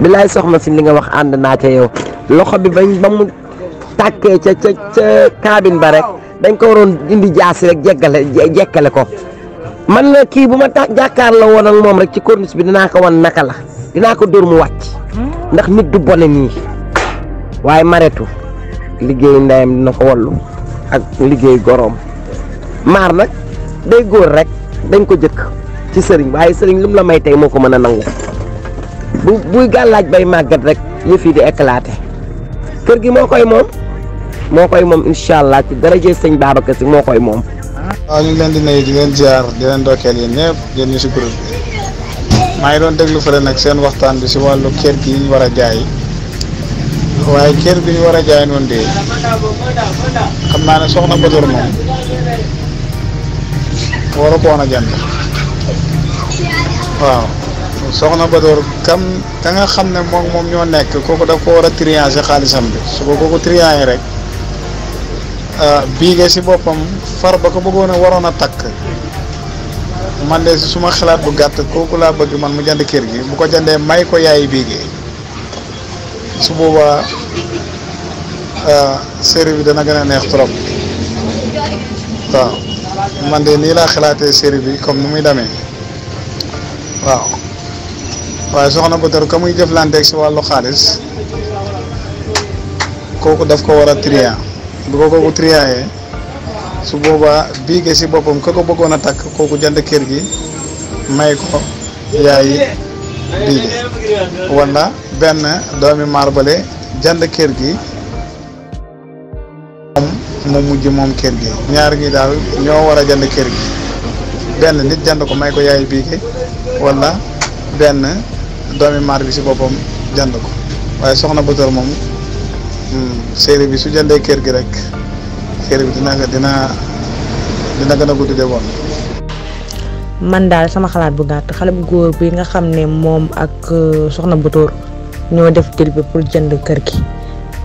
bilaay soxna si li nga wax ànd naa ca yow loxo bi bañ ba mu tàkkee ca ca ca cabine ba rek dañ ko waroon indi jaasi rek jeggale jekkale ko man la kii bu ma ta jàkkaar la woon ak moom rek ci corniche bi dinaa ko wan naka la dinaa ko dóor mu wàcc ndax nit du bone nii waaye maretu liggéey ndeyam dina ko wallu ak liggéey goroom maar nag day góor rek dañ ko jëkk ci sëriñ waaye sëriñ lu mu la may tey moo ko mën a nangu bu buy gàllaaj bay màggat rek yëf yi di éclaté kër gi moo koy moom moo koy moom incha allah ci daraje sëñ Babacar Si moo koy moom. waaw ñu ngi leen di nuyu di leen ziar di leen ndokkeel yéen ñëpp yéen ñu si groupe maa ngi doon déglu fële nag seen waxtaan bi si wàllu kër gi ñu war a jaay waaye kër bi ñu war a jaay noonu de xam naa ne soxna Batoor moom waru ko woon a jënd waaw. soxna Badoor kam ka nga xam ne moom moom ñoo nekk kooku daf ko war a triage xaalisam bi su ko kooku yi rek ah, bii nga si boppam far ba ko bëggoon a waroon a takk man de su ma xalaat bu gàtt kooku laa bëgg man mu jënd kër gi bu ko jëndee may ko yaay biige su boobaa ah, série bi dana gën a neex trop waaw man de nii laa xalaatee série bi comme ni muy demee waaw waaye soxna Badara ka muy jëflanteeg si wàllu xaalis kooku daf ko war a trier bu ko kooku trier su boobaa biige si boppam ka ko bëggoon a takk kooku jënd kër gi may ko yaayi biige wala benn doomi marbale jënd kër gi mu mujj moom kër gi ñaar gi daal ñoo war a jënd kër gi benn nit jënd ko may ko yaay biige wala benn doomi maar bi si boppam jënd ko waaye soxna Bator moom hmm, séeréer bi su jëndee kër gi rek séeréer bi dina dina dina gën a gudd de woon man daal sama xalaat bu gàtt xale bu góor bi nga xam ne moom ak euh, soxna Bator ñoo def dil bi pour jënd kër gi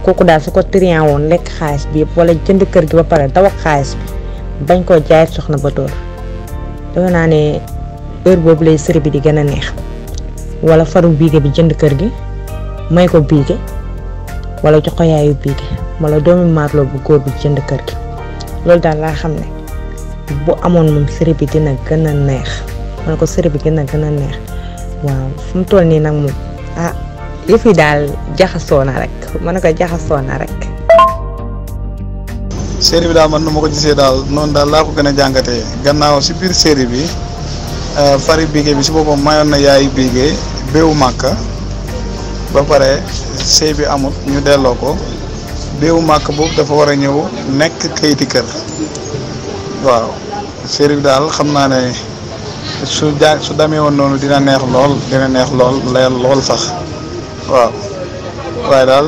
kooku daal su ko triant woon lekk xaalis bi yëpp wala jënd kër gi ba pare daw xaalis bi bañ koo jaayat soxna Bator defe naa ne heure boobu lay série bi di gën a neex wala faru biige bi jënd kër gi may ko biige wala jox ko yaayu biige wala doomi maarloo bu góor bi jënd kër gi loolu daal laa xam ne bu amoon moom série bi dina gën a neex ma ko série bi dina gën a neex waaw fu nii nag moom ah yëf daal jaxasoo na rek ma ko jaxasoo na rek. série bi daal nu ma ko gisee noonu daal laa ko gën a jàngatee gannaaw si biir série bi euh, fari biige bi si boppam mayoon na yaayu biige. béewu màkk ba pare sëy bi amut ñu delloo ko béewu màkk boobu dafa war a ñëw nekk kayiti kër waaw sëriñ bi daal xam naa ne su ja su demee woon noonu dina neex lool dina neex lool leel lool sax waaw waaye daal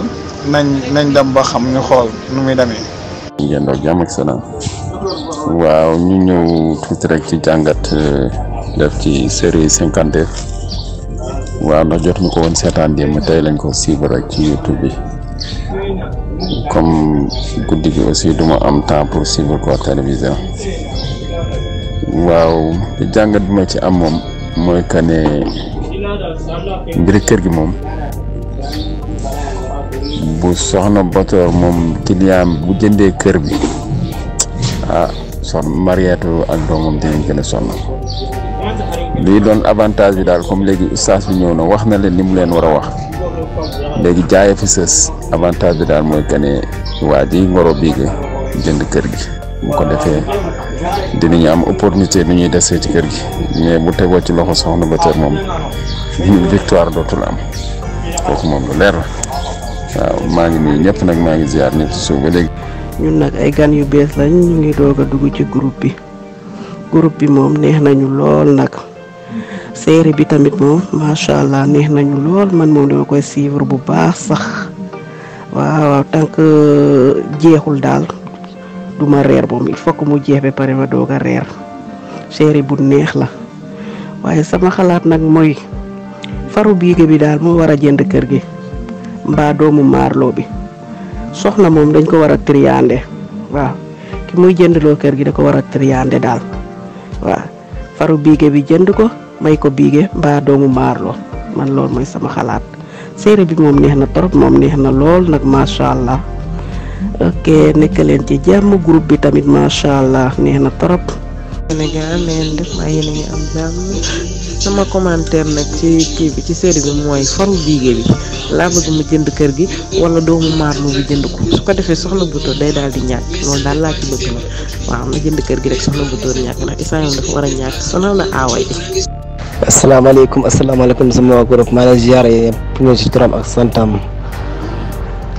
nañ nañ dem ba xam ñu xool nu muy demee. ngeen doon jàmm ak salaam ci jàngat euh, def ci série cinquante waaw ndax jotuñu ko woon seetaan démb tey lañ ko suivre rek ci YouTube bi comme guddi gi aussi duma am temps pour suivre ko télévision waaw jàngat bi ma ci am moom mooy que ne mbiri kër gi moom bu soxna Batoor moom client bu jëndee kër bi ah soxna Mariétou ak doomam dinañ gën a sonn lii doon avantage bi daal comme léegi ustaas bi ñëw na wax na leen li mu leen war a wax léegi jaayee fi sës avantage bi daal mooy que waa ji ngoro bii jënd kër gi mu ko defee dinañu am opportunité bi ñuy desee ci kër gi mais bu tegoo ci loxo soxna ba tey moom ñu victoire dootul am kooku moom lu leer la waaw maa ngi nuyu ñëpp nag maa ngi ziar ñëpp si suuf ba léegi. ñun nag ay gan yu bees lañ ñu ngi doog a dugg ci groupe bi. groupe bi moom neex nañu lool nag série bi tamit moom macha allah neex nañu lool man moom dama koy suivre bu baax sax waaw tànk euh, jeexul daal du ma reer moom il faut mu jeex ba pare ma doog a reer série bu neex la waaye sama xalaat nag mooy faru biige bi daal moo war a jënd kër gi mbaa doomu maarloo bi soxna moom dañ ko war a triande waaw ki muy jëndloo kër gi da ko war a triande daal. paru biige bi jënd ko may ko biige mbaa doomu maarloo man loolu mooy sama xalaat série bi moom neex na trop moom neex na lool nag macha allah ok nekk leen ci jàmm groupe bi tamit macha allah neex na trop. Sénégal leen def maa yéen a ngi am jàmm sama commentaire nag ci kii ci série bi mooy faru biige bi laa bëgg mu jënd kër gi wala doomu maarlu bi jënd ko su ko defee soxna buto day daal di ñàkk loolu daal laa ci ma nag waaw jënd kër gi rek soxna buto ñàkk ndax isaan dafa war a ñàkk sonal na aaway bi asalaamaaleykum asalaamaaleykum sama waa groupe maa leen ziar yéen ñëpp ñëw ci turam ak santam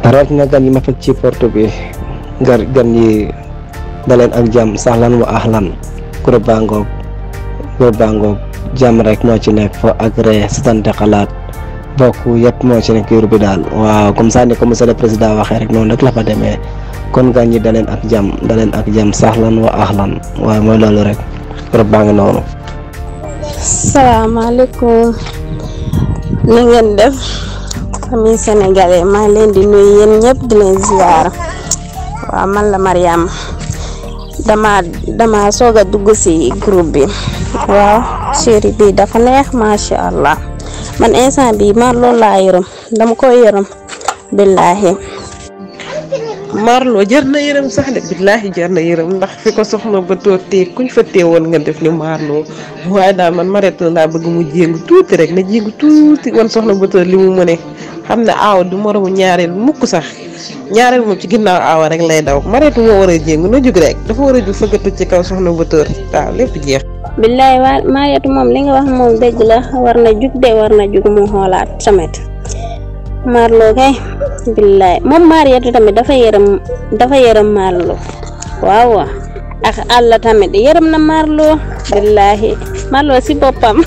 rawatina gan yi ma fekk ci porte bi gar gan yi daleen ak jàmm saxlan wa ahlan kuréel bàngoog kuréel bàngoog rek moo ci nekk fo ak ree sitante xalaat bokk yëpp moo ci nekk yur bi daal waaw comme ça ni ko président waxee rek noonu rek demee kon gan ñi daleen ak jàmm daleen ak jàmm saxlan wa axlan waaye mooy loolu rek kuréel baa ngi noonu. salaamaaleykum na ngeen def famille sénégalais maa leen di nuyu yéen di leen ziar waaw man la dama dama soog a dugg si groupe bi waaw chéri bi dafa neex macha allah man instant bi Marlo loolu laa yërëm dama ko yërëm billaahi Marlo jar na yërëm sax de billaahi jar na yërëm ndax fi ko soxna ba toog tee kuñ fa woon nga def ni Marlo waaye daal man Marietou la laa bëgg mu jéngu tuuti rek na jéngu tuuti woon soxna ba li mu mëne xam ne aaw du moromu ñaareel mukk sax ñaareel moom ci ginnaaw awa rek lay daw mareetu moo war a jéngu na war a jug ci kaw soxna Bator lépp jeex. billaay waa mareetu moom li nga wax moom dëgg la war na jug de war na jug mu xoolaat tamit Marlo kay billaay moom mareetu tamit dafa yërëm dafa yërëm Marlo waaw ak àlla tamit yërëm na Marlo billaahi Marlo si boppam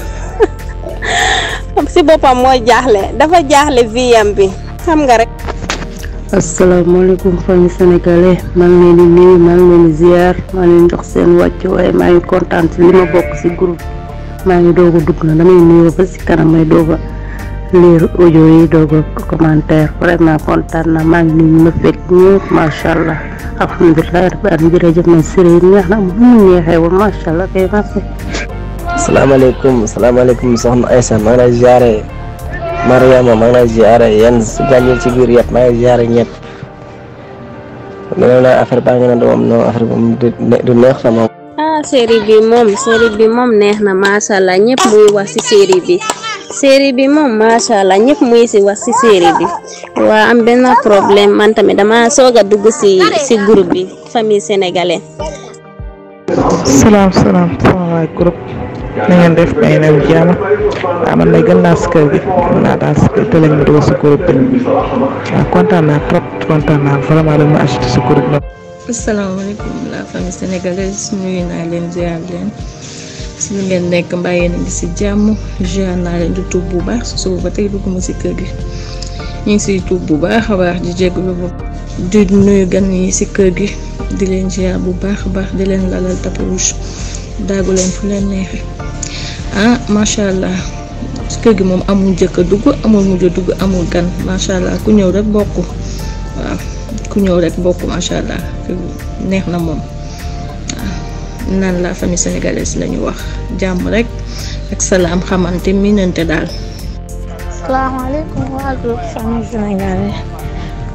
si boppam moo jaaxle dafa jaaxle viyam bi xam nga rek. asalaamaaleykum famille sénégalais maa ngi leen di nuyu maa ngi leen di ziar seen wàcc waaye maa ngi kontaan si li ma bokk si groupe maa ngi doog dugg na damay nuyoo ba kanam may doog a lire audio yi doog a commentaire vraiment kontaan na maa ngi nuyu ma fekk ñëpp macha allah alhamdulilah rabbi alamin jërëjëf ma sëriñ yi neex na mu neexee woon macha allah kay merci. asalaamaaleykum asalaamaaleykum soxna Aïssa maa ngi Mariama maa ngi lay ziare yan gàññil ci biir yëpp maa ngi ziare ñëpp nee affaire baa ngi ne moom non affaire neex sama. Ah, bi moom série bi moom neex na macha allah ñëpp muy wax ci série bi bi moom macha allah ñëpp muy ci wax ci série waa am benn problème man tamit dama soog a dugg si ci groupe bi famille sénégalais. na ngeen def may new jàmm waaw ah, man lay gën naa si kër gi naa daal si te ma dugal si groupe bi waaw ah, kontaan naa trop kontaan naa vraiment dañ ma ajouté si groupe bi. asalaamaaleykum la famille sénégalaise nuyu naa leen ziar leen si li ngeen nekk mbaa yéen a ngi si jàmm ziar naa leen di tuub bu baax su suba ba tey dugguma si kër gi ñu ngi siy tuub bu baax a baax di jégalu bu di nuyu gan yi ci kër gi di leen ziar bu baax baax di leen lalal tapis rouge daagu leen fu leen neexee ah macha allah kër gi moom amul jëkk a dugg amul mujj a dugg amul gan macha allah ku ñëw rek bokk waaw ku ñëw rek bokk macha allah kër neex na moom waaw ah, naan la famille sénégalaise la ñu wax jàmm rek ak salaam xamante miinante daal.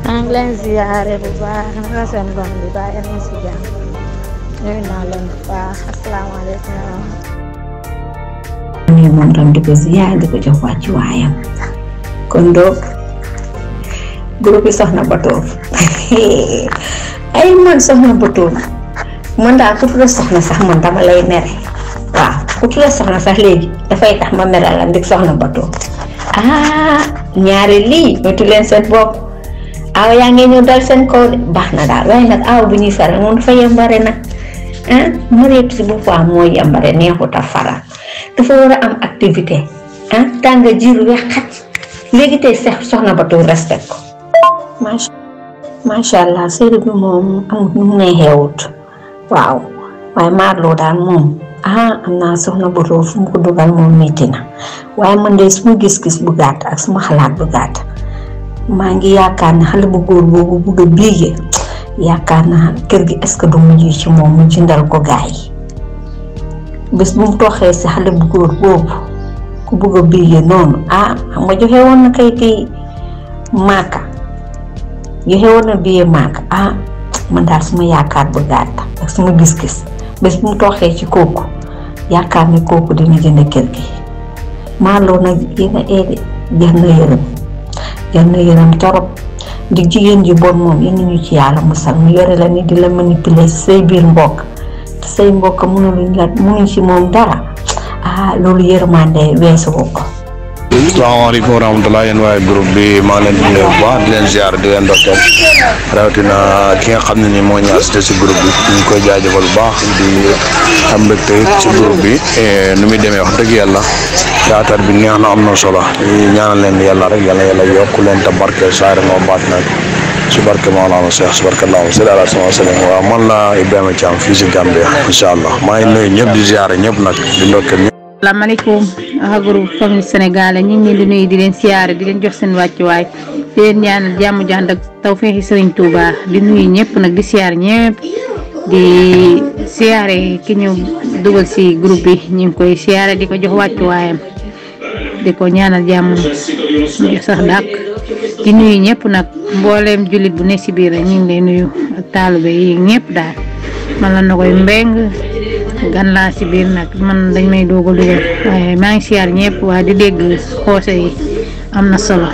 maa ngi leen ziyaare bu baax naka seen doom bi baax yéen a si jàmm nuyu naa leen bu baax asalaamaaleykum nuyu moom tam di ko ziyaare di ko jox wàcc waayam kon doog groupe soxna Batoor ay man soxna Batoor man daal ku tudd soxna sax man dama lay mere waaw ku tudd soxna sax léegi dafay tax ma mere la ndig soxna Batoor ah ñaari lii ñu tudd seen bopp aw yaa ngi ñu dal seen kaw baax na daal waaye nag aw bu ñuy faral moom dafa yembare nag ah mëneet si bu fois moo yembare neexut a faral dafa war am activité ah tàng jiir weex xaj léegi tey sax soxna Batou respect ko macha macha allah séeréer bi moom amut nu mu waaw waaye maarloo daal moom ah am naa soxna Batou fu mu ko dugal moom métti waaye man de suma gis-gis bu gàtt ak suma xalaat bu gàtt. maa ngi yaakaar ne xale bu góor boobu bugg a biige yaakaar naa kër gi est-ce que du mujj ci moom mu jëndal ko gaay yi bés bu mu toxee si xale bu góor boobu ku bugg a biige noonu ah xam nga joxe woon na kay kay maaka joxe woon na biye maaka ah man daal suma yaakaar bu gàtt ak suma gis-gis bés bu toxee ci kooku yaakaar ne kooku dina jënd eede jeex na yërëm yal na yërëm torop di jigéen ji bon moom yal nañu ci yàlla musal mu yore la ni di la manipuler say biir mbokk say mbokk mënuluñ la mënuñ ci moom dara ah loolu yërmande weesu ko salaamaaleykum wa rahmatulah yéen waaye groupe bi maa leen di nuyu bu baax di leen ziar di leen ndokkeel rawatina ki nga xam ne nii moo ñu assisté si groupe bi ñu ngi koy jaajëfal bu baax di am mbégte ci groupe bi eh, nu muy demee wax dëgg yàlla théâtre bi neex na am na solo ñaanal leen yàlla rek yàlla yàlla yokk leen te barkeel saare moo baat nag si barke Maolana Cheikh si barke Laama Seydi Ala sama sëriñ waaw man la Ibrahima Thiam fii si Gambia incha allah maa ngi nuyu ñëpp di ziar ñëpp nag di ndokkeel asalaamaaleykum groupe famille sénégalais ñu ngi leen di nuy di leen siyaare di leen jox seen wàccuwaay di leen ñaanal jàmm jànd ak tawféexi sëriñ Touba di nuyu ñëpp nag di siyaare ñëpp di siyaare ki ñu dugal si groupe bi koy siyaare di ko jox wàccuwaayam di ko ñaanal jàmm mu jox sax dàq di nuyu ñëpp nag mbooleem jullit bu ne si biir ñu ngi lay nuyu ak taalibe yi daal man la na koy gan laa si biir nag man dañ may doog a dugal waaye maa ngi siyaar ñëpp waa di dégg xoose yi am na solo